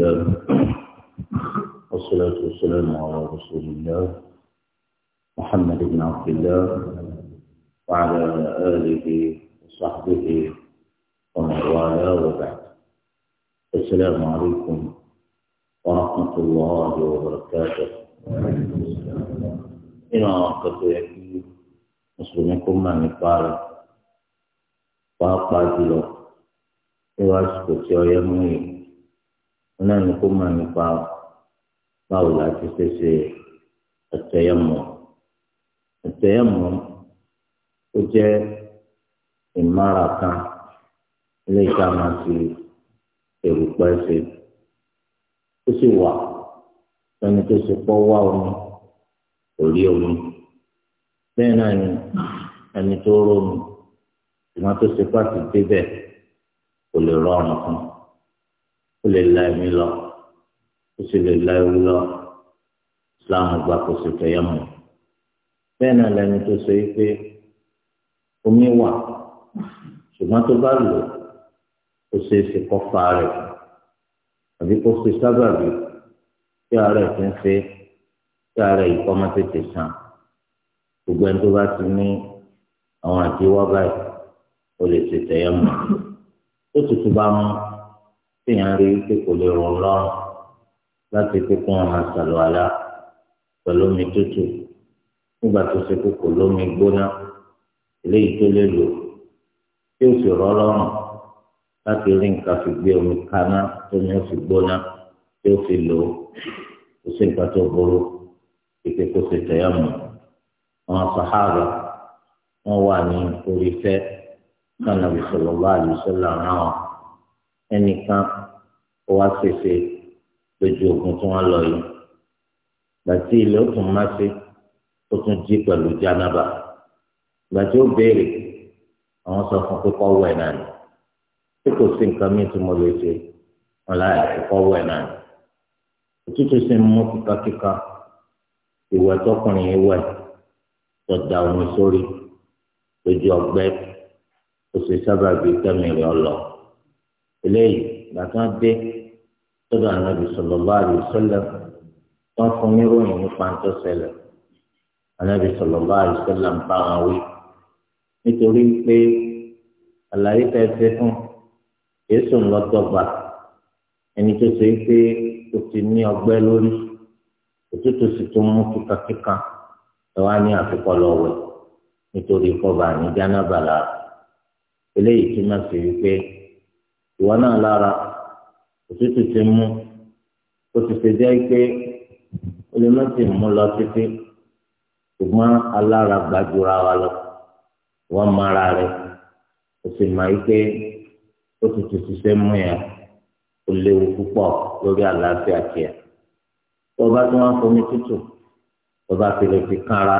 الله والصلاة والسلام على رسول الله محمد بن عبد الله وعلى آله وصحبه ومن والاه وبعد السلام عليكم ورحمة الله وبركاته إن أردت يكي مسلمكم ما نقال وأقاتلوا إواسكو سيويا مهيم náà ni kó máa nípa báwo la ti ṣe ṣe ẹ̀tẹ̀yẹmọ̀ ẹ̀tẹ̀yẹmọ̀ ó jẹ́ ìmára kan ilé ìta máa fi èrò pẹ́ ṣe ó sì wà lẹ́ni tó ṣe pọ́ wá omi kò rí omi bẹ́ẹ̀ náà ni ẹni tó rómi ìmọ̀ tó ṣe pàtó débẹ̀ kò lè rọrùn fún un ó lè la ẹ̀mí lọ ó sì lè la ẹ̀rú lọ islam gba kò sì tẹ̀yẹ̀ mọ́ bẹ́ẹ̀ náà lẹni tó ṣe é pé omi wà ṣùgbọ́n tó bá lò ó ṣe é ṣe kọ́ fa rẹ̀ àbí kó ṣe sábàbí tí ara ẹ̀ ti ń ṣe tí ara yìí kọ́ máa tètè sàn gbogbo ẹni tó bá ti ní àwọn àtiwọ́ báyìí ó lè ṣe tẹ̀yẹ̀ mọ́ tó tutù bá mú téèyàn rí pé kò lè rọ̀ lọ́rùn láti pé kí wọ́n máa sàlọ̀ àlá pẹ̀lú omi tútù nígbà tó ṣe pé kò lómi gbóná eléyìí tó lè lò tí ó sì rọ̀ lọ́rùn láti rí nǹkan fi gbé omi kaná tó ní ó fi gbóná tí ó fi lò ó sì nǹkan tó burú ìpè kó ṣe tẹ̀yà mọ́ àwọn sàhábà wọ́n wà ní orí fẹ́ kánàbì sallallahu alaihi wasallam ẹnìkan ó wá ṣèṣe lójú ogun tí wọ́n lọ yìí gbàtí ilẹ̀ ó tún má ṣe ó tún jí pẹ̀lú jánábà gbàtí ó béèrè àwọn sọ fún pé kọ́wọ́ ẹ̀ náà ni tí kò sí nǹkan míì tí mo lè ṣe wọn láyà kó kọ́wọ́ ẹ̀ náà ni òtútù sì ń mú kíkakíka ìwẹ̀ tọkùnrin yìí wẹ̀ tó da omi sórí lójú ọgbẹ́ ó sì sábà bíi tẹ́mi eléyìí gbàtàn dé sọ́dọ̀ ànábì sallallahu alaihi wasallam tó ń fún níròyìn nípa tó ṣẹlẹ̀ ànábì sallallahu alaihi wasallam ń bá wọn wí nítorí pé àlàyé tẹ ṣe fún èso ńlọdọgba ẹni tó ṣe pé o ti ní ọgbẹ́ lórí òtútù sì tún mú kíkankíkan ẹ wá ní àfikọ lọwẹ nítorí kọba àní jánábàlà eléyìí túmọ̀ sí wípé ìwọ náà lára òtútù ti mú ó ti ṣe jẹ́ pé ó lè má ti mú lọ títí ṣùgbọ́n alára gbàdúrà wa lọ wọ́n mara rẹ̀ ó sì mọ̀ pé ó ti ti ṣiṣẹ́ mú yẹn ó léwu púpọ̀ lórí àlàáfíà tiẹ̀ tó o bá tún wá fomi tútù tó o bá fi lè fi kánra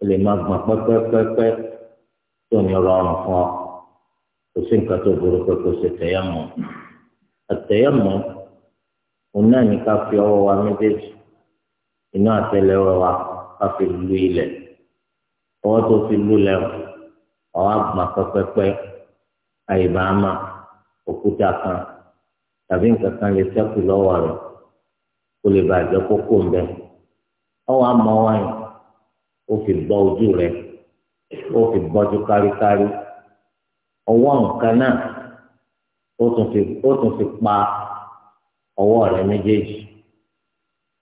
ó lè má gbọ̀n pẹ́pẹ́pẹ́pẹ́ tó ní rọrùn fún ọ kò sí nǹkan tó burú pé kò sí tẹ̀yàmọ̀ àtẹ̀yàmọ̀ òun náà ní ká fi ọwọ́ wa méjèèjì iná àtẹlẹwọ́ wa ká fi lu ilẹ̀ ọwọ́ tó fi lu lẹ́wọ̀ ọwọ́ àgbà pẹ́pẹ́pẹ́ àyèbáàmà òkúta kan tàbí nǹkan kan lè sẹ́kù lọ́wọ́ rẹ̀ kó lè bàjẹ́ kókó ń bẹ́ ọwọ́ àmọ́ wáyé ó fi bọ́ ojú rẹ̀ ó fi bọ́jú káríkárí. Kari ọwọ́ nǹkan náà ó tún fi ó tún fi pa ọwọ́ rẹ̀ méjèèjì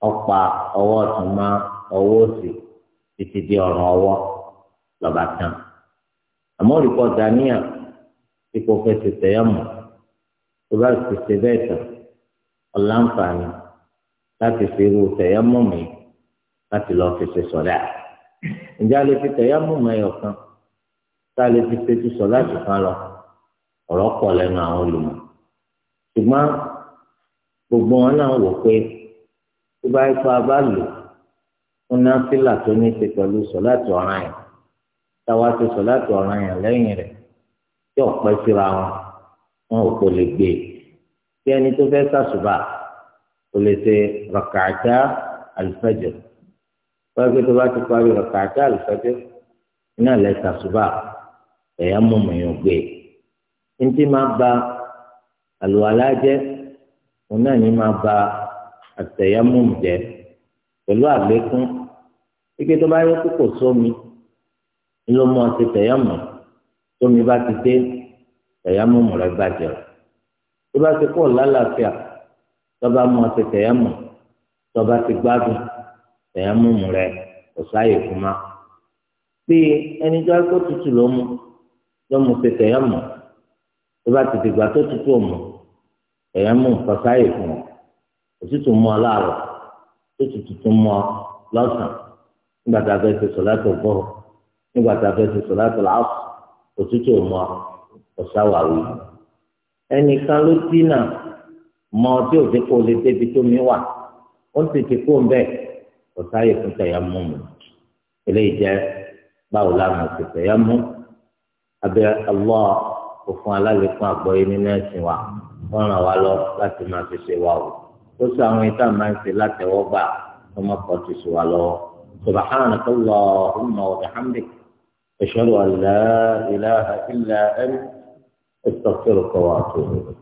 ọ̀pá ọwọ́ ọ̀tún mọ́ ọwọ́ òsì títí di ọ̀rùn ọwọ́ lọ́ba tán àmọ́ olùkọ́ dania tí kò fẹ́ ti tẹ̀yà mọ́ tó bá ti ṣe bẹ́ẹ̀ tán ọ̀làǹfààní láti fi irú tẹ̀yà mọ́ mi láti lọ́ọ́ fi ṣe sọ̀dá ǹjẹ́ a lè fi tẹ̀yà mọ́ mi ọ̀kan tá a lè fi fetí sọ láti fa lọ ọ̀rọ̀ pọ̀ lẹ́nu àwọn olùmọ̀ ṣùgbọ́n gbogbo wọn náà wò pé tó bá ipa bá lò fún náfìlà tó ní ṣe pẹ̀lú sọ láti ọ̀ràn yẹn táwa ti sọ láti ọ̀ràn yẹn lẹ́yìn rẹ̀ tí ọ̀pẹ́ síra wọn wọn ò kò lè gbé bí ẹni tó fẹ́ sàṣùbà kò lè ṣe rọ̀kàtà àlùfẹ́jọ wọ́n gbé tó bá ti parí rọ̀kàtà àlùfẹ́jọ iná lẹ́ sàṣùbà èèyàn mú mọ̀yàn gbé e ntí máa ba àlùwàlá jẹ́ òun náà ní máa ba àtẹ̀yàmùm jẹ́ pẹ̀lú àlékún ike tó bá yẹ kókò sómi ló mọ ti tẹ̀yàmù tómi bá ti dé tẹ̀yàmùm rẹ bàjẹ́ tó bá ti kó lálàáfíà tó bá mọ ti tẹ̀yàmù tó bá ti gbádùn tẹ̀yàmùm rẹ kò sáàyè fún ma bí ẹni tó akó tutù ló mú. yọ ṣe tẹ̀yẹ́ tó bá ti tó tutù fún ọ òtútù mọ́ láàrọ̀ tó tutù tó mọ́ lọ́sàn nígbà tá a fẹ́ ṣe nígbà tá a fẹ́ ṣe láàpù mọ tí ò kó lè débi tó mi wà ó kó fún mọ eléyìí báwo la mọ abẹ́ ọlọ́ òfin alálẹ́kùn àgbọ́yé nínú ẹ̀sìn wa wọ́n ràn wá lọ láti máa fi ṣe wa o ó sọ àwọn ìta máa ń ṣe látẹ̀wọ́gbà wọ́n máa kọ́ ti ṣe wa lọ́wọ́ سبحانك اللهم وبحمدك أشهد أن لا إله إلا أنت استغفرك واتوب اليك